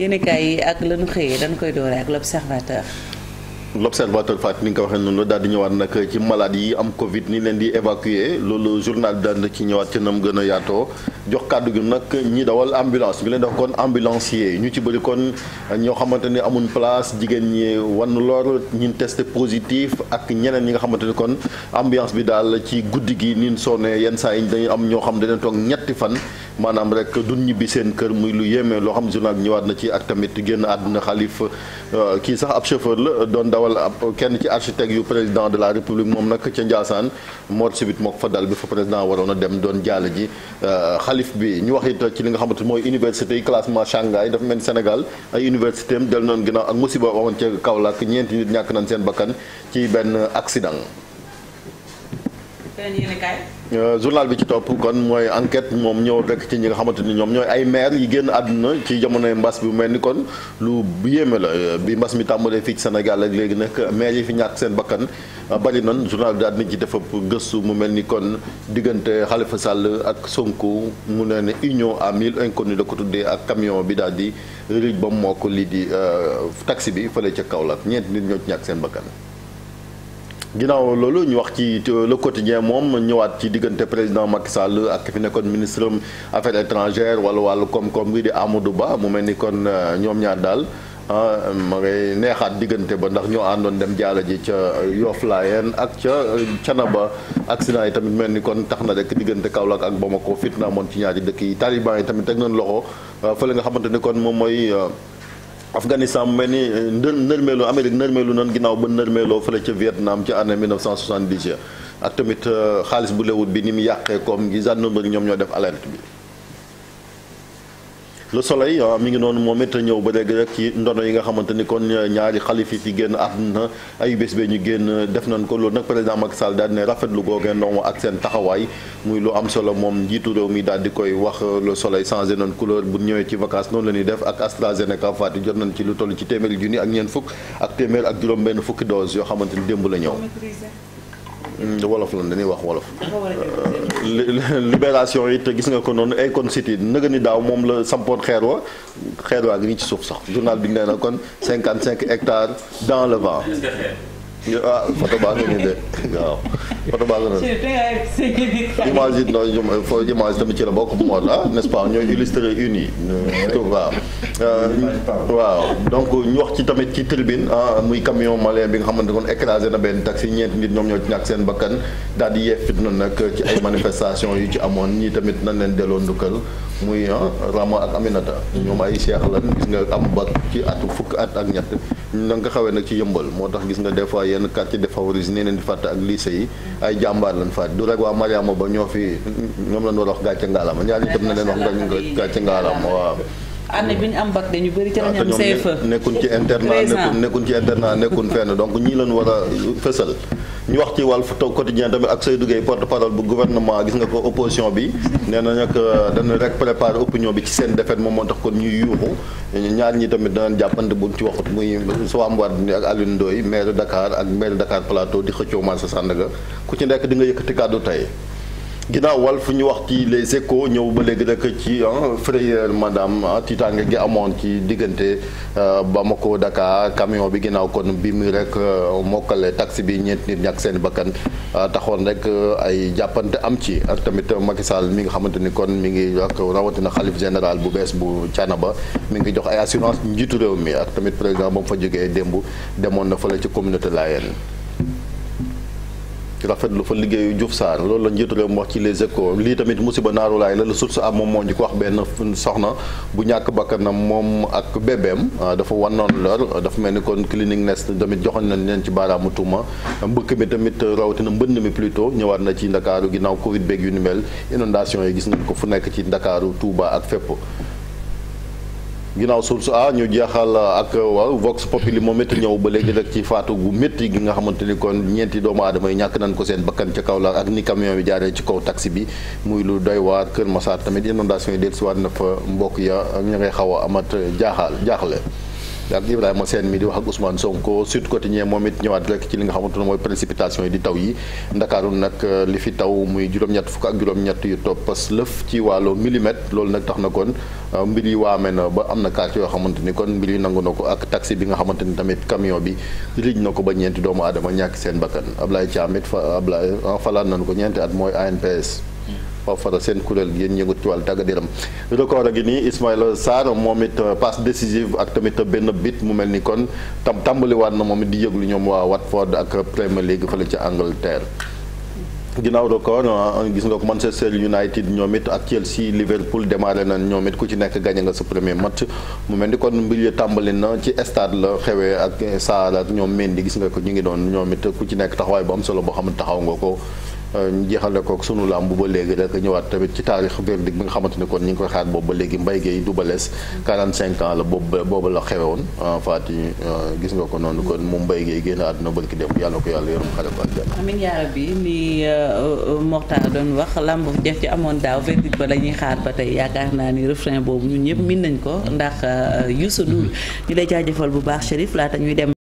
yéenekaay yi ak lanu xëyee dañu koy doore ak l'observateur l'observateur Fatou ni nga ko waxee noonu la daal di ñëwaat nag ci malade yi am Covid ni leen di évacuer loolu journal daan ci ñëwaat ci nam gën a yaatoo jox kàddu gi nag ñi dawal ambulance ñu leen def kon ambulancier ñu ci bëri kon ñoo xamante ni amuñ place jigéen ñi wan lor ñin testé positif ak ñeneen ñi nga xamante ni kon ambiance bi daal ci guddi gi nin sonné yenn saa yi dañuy am ñoo xam dañu toog ñetti fan. maanaam rek duñ ñibbi seen kër muy lu yéeme loo xam journal ñëwaat na ci ak tamit génn àdduna xalif euh, kii sax ab chauffeur la doon dawal ab kenn ci architecte yu président de la république moom nag ca Ndiassane moo subite moo ko fa dal bi fa président waroon a dem doon jaale ji xalif euh, bi ñu wax it ci li nga xamante mooy université yi classement Shanghai dafa mel Sénégal ay université am del noon ginnaaw ak musiba amoon ca Kaolack ñeenti nit ñàkk nañ seen bakkan ci benn accident Euh, journal bi ci topp kon mooy enquête moom ñëw rekk ci ñi nga xamante ni ñoom ñooy ay maire yi génn àdduna ci jamonoy mbas bi mel ni kon lu yéeme la euh, bi mbas mi tàmbalee fii ci senegal ak léegi nag maire yi fi ñàkk seen bakkan bari nan journal bi daal dinañ ci def gëstu mu mel ni kon diggante Khalifa sàll ak Sonko mu ne ne union à mille inconnus la ko tuddee ak camion bi daal di rëj ba moo ko lii di euh, taxi bi fële ci Kaolack ñeent nit ñoo ci ñàkk seen bakkan ginnaaw loolu ñu wax ci euh, le quotidien moom ñëwaat ci diggante président Macky Sall ak fi nekkoon ministre am affaires étrangères wala wàllu koom-koom di Amadou Ba mu mel ni kon euh, ñoom ñaar daal. Ah, ma ngay neexaat diggante ba ndax ñoo àndoon dem jaala ji ca euh, Yoff ak ca Canaba accident yi tamit mel ni kon tax na rek diggante Kaolack ak Bamako fitna amoon ci ñaari dëkk yi taliban yi tamit teg nañ loxo fële nga xamante ni kon moom mooy. Afghanistan mu mel ni eh, nërmeelu Amérique nërmeelu nan ginnaaw ba nërmeeloo fële ca Vietnam ci année 1970 ak tamit euh, xaalis bu lewut bi ni mu yàqee comme gi gendarmerie ñoom ñoo def alerte bi. le soleil ah, mi ngi noonu moom it ñëw ba léegi rek ci ndono yi nga xamante ni kon ñaari xalif yi ci génn àdduna ay bés bee ñu génn def nañ ko loolu nag président Macky Sall daal ne rafetlu googee ndongo ak seen taxawaay muy lu am solo moom njiitu réew mi daal di koy wax le soleil changé nañ couleur bu ñëwee ci vacances noonu la ñuy def ak AstraZeneca Fatou jot nañ ci lu toll ci téeméeri junni ak ñeen fukk ak téeméer ak juróom-benn fukki dose yoo xamante ni démb la ñëw. Mm, wolof lan dañuy wax wolof. Euh, libération it gis nga ko noonu Akon City nëgë ni daaw moom la sampoon xeer wa xeer waa ngi nii ci suuf sax journal bi nee na kon cinq hectares dans le vent. ah photo baa nga nii de waaw photo baa nga nii image it noonu ñoom fo tamit ci la bokk moo la n'est-ce pas ñooy illustré une yi waaw donc ñu wax ci tamit ci tribune ah muy camion malien bi nga xamante kon écrasé na benn taxi ñeenti nit ñoom ñoo ci ñàkk seen bakkan daal di yeefit eh, na nag ci ay manifestation yu ci amoon ñii tamit nañ leen delloo ndukkal muy Rama ak Aminata ñoom ay seex lan gis nga am bac ci at fukk at ak ñett na nga xawee nag ci yëmbal moo tax gis nga des fois yenn quartier défavorisé nee neen di fàtte ak lycée yi ay jàmbaar lan faat du rek waa Mariama ba ñoo fi ñoom lañ war a wax gàcce ngaalaama ñaar itam na leen wax gàcce ngaalaama waa année bi ñu am bac dañu bëri ci lañu am CFEE ah, e. nekkuñ ci internat nekkuñ nekkuñ ci internat nekkuñ fenn donc ñii lañ war a fësal ñu wax ci Walf Quotidien tamit ak Seydou Gueye porte parole bu gouvernement gis nga ko opposition bi nee na nag dana rek préparer opinion bi ci seen défaite moom moo tax kon ñuy yuuxu ñaar ñi tamit danañ jàppante buñ ci waxut muy am Wardini ak Alioune Ndoye maire Dakar ak maire Dakar Plateau di xëccoo marché Sandaga ku ci nekk di nga yëkkati kàddu tey ginaaw wal fu ñu wax ci les échos ñëw ba léegi nag ci frayeur madame tiitaange gi amoon ci diggante ba euh, Bamako Dakar kamiyon bi ginnaaw kon bi mu rek euh, mokkale taxi bi ñeent nit ñàkk seen bakkan euh, taxoon rek ay jàppante am ci ak tamit Macky Sall mi nga xamante ni kon mi ngi ak rawatina xalif général bu bees bu ba mi ngi jox ay assurance njiitu réew mi ak tamit président ba mu fa jógee démb demoon na fële ci communauté Layène rafetlu fa liggéeyu Diouf Sarr loolu la njiitu réew mi wax ci les échos lii tamit musiba naarulaay la la source am moom moo ñu ko wax benn soxna bu ñàkk bakkanam moom ak bébéem ah, dafa wannoon lor dafa mel ni kon clinique nest tamit joxoon nañ leen ci baaraamu tuuma mbëkk mi tamit rawatina mbënd mi plutôt ñëwaat na ci ndakaaru ginnaaw covid beeg yu ni mel inondation yi gis nañ ko fu nekk ci ndakaaru Touba ak fépp ginnaaw su ah ñu jaaxal ak waaw Vox li moom it ñëw ba léegi rek ci faatu gu métti gi nga xamante ni kon ñeenti doomu aadama yi ñàkk nañ ko seen bakkan ca kaw la ak ni camion bi jaaree ci kaw taxi bi muy lu doy waar Kër Massar tamit inondation yi dellusiwaat na fa mbokk ya ña ngay xaw a amat jaaxal jaaxle daal di Ibrahima seen mi di wax ak Ousmane Sonko Sud Quotidien moom it ñëwaat rek ci li nga xamante ne mooy précipitation yi di taw yi Ndakaaru nag euh, li fi taw muy juróom-ñett fukk ak juróom-ñett yu toppas lëf ci wàllu milimètre loolu nag tax na kon euh, mbir yi waame na ba am na quartier yoo xamante ni kon mbir yi nangu na ko ak taxi bi nga xamante ni tamit camion bi riij na ko ba ñeenti doomu aadama ñàkk seen bakkan Ablaye Thiam it fa Ablaye euh, falaan nañu ko ñeenti at mooy ANPS Pape Fara seen kuréel gi yéen yëngut ci wàllu tàggat yaram record a ngi nii Ismaïla Sarr moom it euh, passe décisive ak tamit benn bit mu mel ni kon tam tàmbaliwaat na moom it di yëglu ñoom waa Watford ak Premier League fële ci Angleterre. ginnaaw record euh, gis nga ko Manchester United ñoom it ak Chelsea Liverpool démarré na ñoom it ku ci nekk gagné nga sa premier match mu mel ni kon mbir yi tàmbali na ci stade la xewee ak Sarr ak ñoom Mendy gis nga ko ñu ngi doon ñoom it ku ci nekk taxawaay bu solo boo xam ne taxaw nga ko. ñu jeexale ko sunu làmb ba léegi rek ñëwaat tamit ci taarix verdict bi nga xamante ne kon ñu ngi koy xaar boobu ba léegi Mbaye Guèye du balees 45 ans la boobu boobu la xewewoon ah, Faty euh, gis nga ko noonu kon moom Mbaye Guèye génn àdduna barki dem yàlla ko yàlla yërëm xale ko àjjana amiin yaa rabbi ni euh, euh, Mokhtar doon wax làmb def ci amoon daaw verdict ba la ñuy xaar ba tey yaakaar naa ni refrain boobu ñun ñëpp min nañ ko ndax Youssou Ndour ñu lay jaajëfal bu